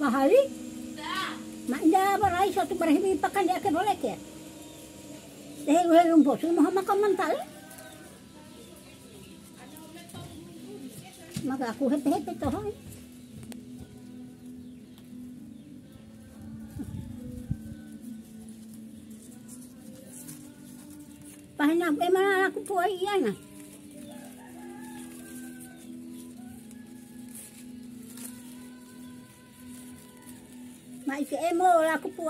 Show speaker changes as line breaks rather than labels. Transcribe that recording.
Mahali? Manda barai satu barai mi pakan dia ke boleh ya.
Eh, gue rumput semua makan mental. Eh? Maka aku hepe hepe toh.
Pahina, emang aku puai iya nah.
Ma ike e mo la kupu